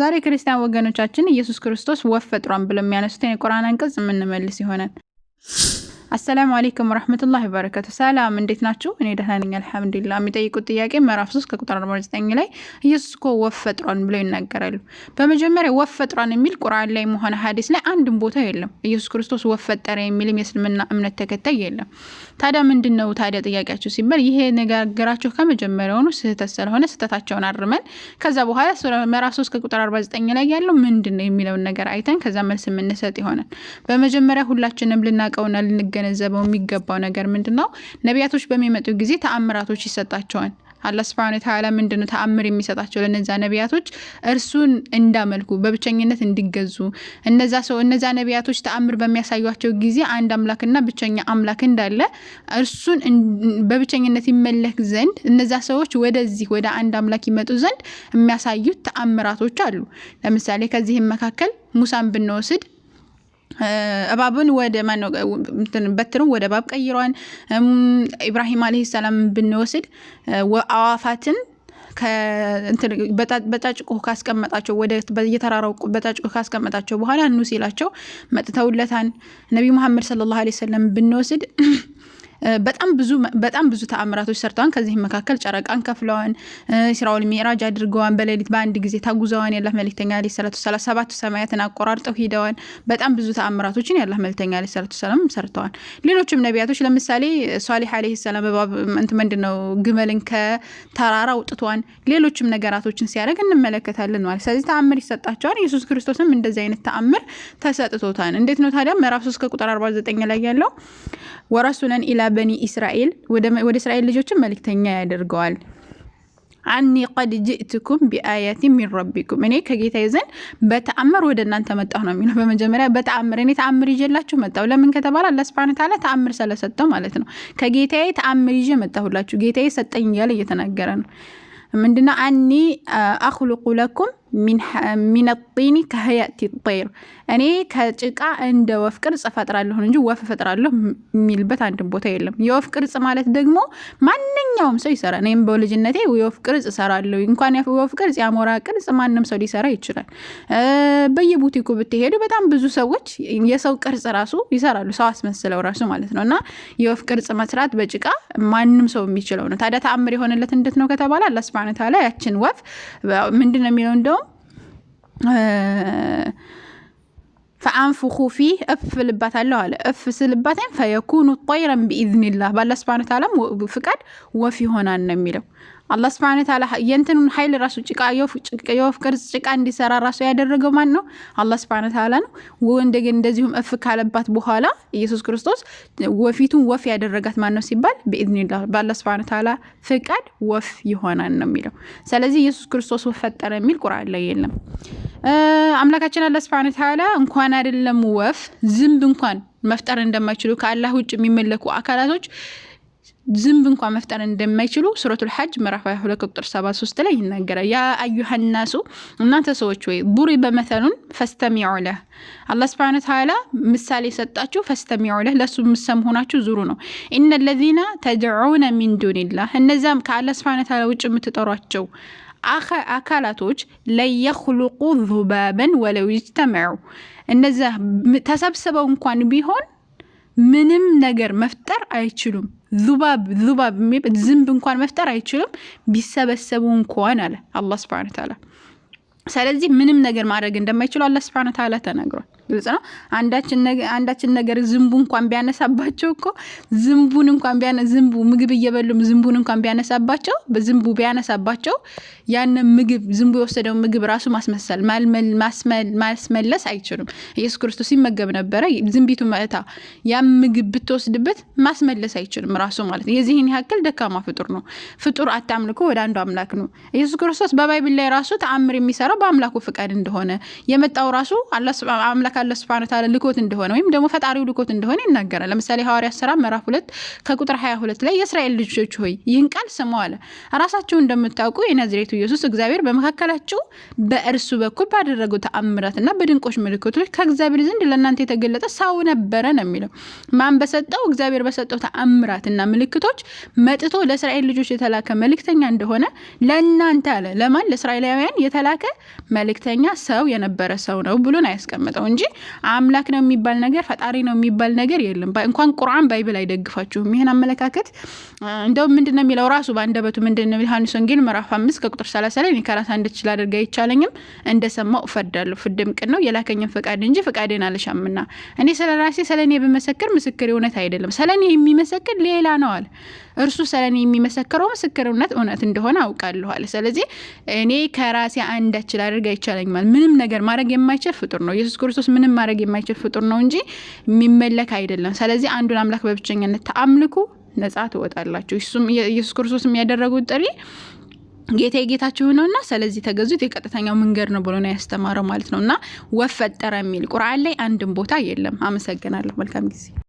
ዛሬ ክርስቲያን ወገኖቻችን ኢየሱስ ክርስቶስ ወፍ ፈጥሯን ብለው የሚያነሱትን የቁርአን አንቀጽ የምንመልስ ይሆናል። አሰላሙ አሌይኩም ወረህመቱላሂ ወበረከቱ። ሰላም እንዴት ናችሁ? እኔ ደህና ነኝ አልሐምዱሊላ። የሚጠይቁት ጥያቄ ምዕራፍ 3 ከቁጥር 49 ላይ ኢየሱስ እኮ ወፍ ፈጥሯን ብለው ይናገራሉ። በመጀመሪያ ወፍ ፈጥሯን የሚል ቁርአን ላይ ሆነ ሐዲስ ላይ አንድም ቦታ የለም። ኢየሱስ ክርስቶስ ወፍ ፈጠረ የሚልም የእስልምና እምነት ተከታይ የለም። ታዲያ ምንድን ነው ታዲያ ጥያቄያችሁ ሲባል ይሄ ንግግራቸው ከመጀመሪያውኑ ስህተት ስለሆነ ስህተታቸውን አርመን ከዛ በኋላ ምዕራፍ 3 ከቁጥር 49 ላይ ያለው ምንድን ነው የሚለውን ነገር አይተን ከዛ መልስ የምንሰጥ ይሆናል። በመጀመሪያ ሁላችንም ልናቀውና ልንገ ልንገነዘበው የሚገባው ነገር ምንድን ነው? ነቢያቶች በሚመጡ ጊዜ ተአምራቶች ይሰጣቸዋል። አላህ ስብሐነ ወተዓላ ምንድን ነው ተአምር የሚሰጣቸው ለነዛ ነቢያቶች? እርሱን እንዳመልኩ በብቸኝነት እንዲገዙ እነዛ ሰው እነዛ ነቢያቶች ተአምር በሚያሳዩቸው ጊዜ አንድ አምላክና ብቸኛ አምላክ እንዳለ እርሱን በብቸኝነት ይመለክ ዘንድ እነዛ ሰዎች ወደዚህ ወደ አንድ አምላክ ይመጡ ዘንድ የሚያሳዩት ተአምራቶች አሉ። ለምሳሌ ከዚህም መካከል ሙሳን ብንወስድ እባብን ወደ በትርን ወደ እባብ ቀይሯን። ኢብራሂም አለይሂ ሰላም ብንወስድ አዋፋትን በጫጭቆ ካስቀመጣቸው ወደ የተራራው በጫጭቆ ካስቀመጣቸው በኋላ ኑ ሲላቸው መጥተውለታን። ነቢ መሐመድ ሰለላሁ አለይሂ ወሰለም ብንወስድ በጣም ብዙ ተአምራቶች ሰርተዋን። ከዚህም መካከል ጨረቃን ከፍለዋን፣ ኢስራኤል ሚዕራጅ አድርገዋን፣ በሌሊት በአንድ ጊዜ ታጉዘዋን። የአላህ መልክተኛ ዓለይሂ ሰላቱ ሰላም ሰባቱ ሰማያትን አቆራርጠው ሂደዋን። በጣም ብዙ ተአምራቶችን የአላህ መልክተኛ ዓለይሂ ሰላቱ ሰላም ሰርተዋል። ሌሎችም ነቢያቶች ለምሳሌ ሷሊህ ዓለይሂ ሰላም እባብ እንትን ምንድን ነው ግመልን ከተራራ አውጥቷን። ሌሎችም ነገራቶችን ሲያደርግ እንመለከታለን ማለት ስለዚህ ተአምር ይሰጣቸዋል። ኢየሱስ ክርስቶስም እንደዚህ አይነት ተአምር ተሰጥቶታል። እንዴት ነው ታዲያ? ምዕራፍ 3 ከቁጥር 49 ላይ ያለው ወረሱለን ኢላ በኒ እስራኤል ወደ እስራኤል ልጆችም መልክተኛ ያደርገዋል። አኒ ቀድ ጅእትኩም ቢአያቲ ሚን ረቢኩም እኔ ከጌታ ይዘን በተአምር ወደ እናንተ መጣሁ ነው የሚለው። በመጀመሪያ በተአምር እኔ ተአምር ይዤላችሁ መጣሁ። ለምን ከተባለ አላህ ሱብሓነሁ ወተዓላ ተአምር ስለሰጠው ማለት ነው። ከጌታዬ ተአምር ይዤ መጣሁላችሁ። ጌታዬ ሰጠኝ እያለ እየተናገረ ነው። ምንድነው አኒ አኽሉቁ ለኩም ሚን ጢኒ ከህያእቲ ጠይር እኔ ከጭቃ እንደ ወፍ ቅርጽ እፈጥራለሁ እንጂ ወፍ ፈጥራለሁ የሚልበት አንድም ቦታ የለም። የወፍ ቅርጽ ማለት ደግሞ ማንኛውም ሰው ይሰራ። እኔም በልጅነቴ የወፍ ቅርጽ እሰራለሁ። እንኳን የወፍ ቅርጽ፣ የአሞራ ቅርጽ ማንም ሰው ሊሰራ ይችላል። በየቡቲኩ ብትሄዱ በጣም ብዙ ሰዎች የሰው ቅርጽ ራሱ ይሰራሉ፣ ሰው አስመስለው ራሱ ማለት ነው። እና የወፍ ቅርጽ መስራት በጭቃ ማንም ሰው የሚችለው ነው። ታዲያ ተአምር የሆነለት እንዴት ነው ከተባለ አላህ ሱብሃነሁ ወተዓላ ያችን ወፍ ምንድን ነው የሚለው እንደውም ፈአንፉኹ ፊህ እፍ ልባታለሁ አለ። እፍ ስልባቴን ፈየኩኑ ጠይረን ብኢዝኒላህ ባላ ስብሃነ ተዓላ ፍቃድ ወፍ ይሆናል ነው የሚለው። አላህ ስብሃነ ተዓላ የእንትኑን ኃይል ራሱ ጭቃ የወፍ ቅርጽ ጭቃ እንዲሰራ ራሱ ያደረገው ማን ነው? አላህ ስብሃነ ተዓላ ነው። እንደገና እንደዚሁም እፍ ካለባት በኋላ ኢየሱስ ክርስቶስ ወፊቱን ወፍ ያደረጋት ማን ነው ሲባል ብኢዝኒላህ ባላ ስብሃነ ተዓላ ፍቃድ ወፍ ይሆናል ነው የሚለው። ስለዚህ ኢየሱስ ክርስቶስ ወፍ ፈጠረ የሚል ቁርአን ላይ የለም። አምላካችን አላህ ሱብሓነሁ ወተዓላ እንኳን አይደለም ወፍ ዝንብ እንኳን መፍጠር እንደማይችሉ ከአላህ ውጭ የሚመለኩ አካላቶች ዝንብ እንኳን መፍጠር እንደማይችሉ ሱረቱል ሐጅ ምዕራፍ 22 ቁጥር 73 ላይ ይናገራል። ያ አዩሃናሱ እናንተ ሰዎች ወይ ቡሪ በመተሉን ፈስተሚዑ ለህ አላህ ሱብሓነሁ ወተዓላ ምሳሌ ሰጣችሁ። ፈስተሚዑ ለህ ለሱ ምሰም ሆናችሁ ዙሩ ነው። እነ ለዚና ተድዑነ ሚን ዱንላህ እነዚያም ከአላህ ሱብሓነሁ ወተዓላ ውጭ የምትጠሯቸው አካላቶች ለየክሉቁ ዙባበን ወለው ይጅተመዑ እነዚያ ተሰብስበው እንኳን ቢሆን ምንም ነገር መፍጠር አይችሉም። ዙባብ ዙባብ ዝንብ እንኳን መፍጠር አይችሉም ቢሰበሰቡ እንኳን አለ አላህ ስብሃነ ተዓላ። ስለዚህ ምንም ነገር ማድረግ እንደማይችሉ አላህ ስብሃነ ተዓላ ተናግሯል። ግልጽ ነው። አንዳችን ነገር ዝንቡ እንኳን ቢያነሳባቸው እኮ ዝንቡን እንኳን ዝንቡ ምግብ እየበሉም ዝንቡን እንኳን ቢያነሳባቸው በዝንቡ ቢያነሳባቸው ያንን ምግብ ዝንቡ የወሰደው ምግብ ራሱ ማስመሰል ማስመለስ አይችሉም። ኢየሱስ ክርስቶስ ሲመገብ ነበረ። ዝንቢቱ መእታ ያ ምግብ ብትወስድበት ማስመለስ አይችልም ራሱ ማለት የዚህን ያክል ደካማ ፍጡር ነው። ፍጡር አታምልኮ ወደ አንዱ አምላክ ነው። ኢየሱስ ክርስቶስ በባይብል ላይ ራሱ ተአምር የሚሰራው በአምላኩ ፍቃድ እንደሆነ የመጣው ራሱ አምላክ አላህ ስብሐነ ወተዓላ ልኮት እንደሆነ ወይም ደግሞ ፈጣሪው ልኮት እንደሆነ ይናገራል። ለምሳሌ ሐዋርያ ስራ ምዕራፍ ሁለት ከቁጥር 22 ላይ የእስራኤል ልጆች ሆይ ይህን ቃል ስሙ አለ። ራሳችሁ እንደምታውቁ የናዝሬቱ ኢየሱስ እግዚአብሔር በመካከላችሁ በእርሱ በኩል ባደረጉ ተአምራትና በድንቆች ምልክቶች ከእግዚአብሔር ዘንድ ለእናንተ የተገለጠ ሰው ነበረ ነው የሚለው። ማን በሰጠው? እግዚአብሔር በሰጠው ተአምራትና ምልክቶች መጥቶ ለእስራኤል ልጆች የተላከ መልእክተኛ እንደሆነ ለእናንተ አለ። ለማን? ለእስራኤላውያን የተላከ መልእክተኛ ሰው የነበረ ሰው ነው ብሎን አያስቀምጠው እንጂ አምላክ ነው የሚባል ነገር ፈጣሪ ነው የሚባል ነገር የለም። እንኳን ቁርአን ባይብል አይደግፋችሁም ይህን አመለካከት። እንደውም ምንድን ነው የሚለው ራሱ በአንደበቱ ምንድን ነው ዮሐንስ ወንጌል ምዕራፍ አምስት ከቁጥር ሰላሳ ላይ እኔ እንድችል አድርጌ አይቻለኝም፣ እንደሰማው እፈርዳለሁ። ፍርዴም ቅን ነው፣ የላከኝን ፈቃድ እንጂ ፈቃዴን አልሻምና። እኔ ስለ ራሴ ስለ እኔ ብመሰክር ምስክር እውነት አይደለም፣ ስለ እኔ የሚመሰክር ሌላ ነው አለ። እርሱ ስለ እኔ የሚመሰክረው ምስክርነት እውነት እንደሆነ አውቃለሁ አለ። ስለዚህ እኔ ከራሴ አንዳችል አድርጌ አይቻለኝም። ምንም ነገር ማድረግ የማይችል ፍጡር ነው ኢየሱስ ክርስቶስ ምንም ማድረግ የማይችል ፍጡር ነው እንጂ የሚመለክ አይደለም። ስለዚህ አንዱን አምላክ በብቸኝነት ተአምልኩ፣ ነጻ ትወጣላችሁ። እሱም ኢየሱስ ክርስቶስ የሚያደረጉት ጥሪ ጌታ የጌታችሁ እና ስለዚህ ተገዙት የቀጥተኛው መንገድ ነው ብሎ ነው ያስተማረው ማለት ነው። እና ወፈጠረ የሚል ቁርአን ላይ አንድም ቦታ የለም። አመሰግናለሁ። መልካም ጊዜ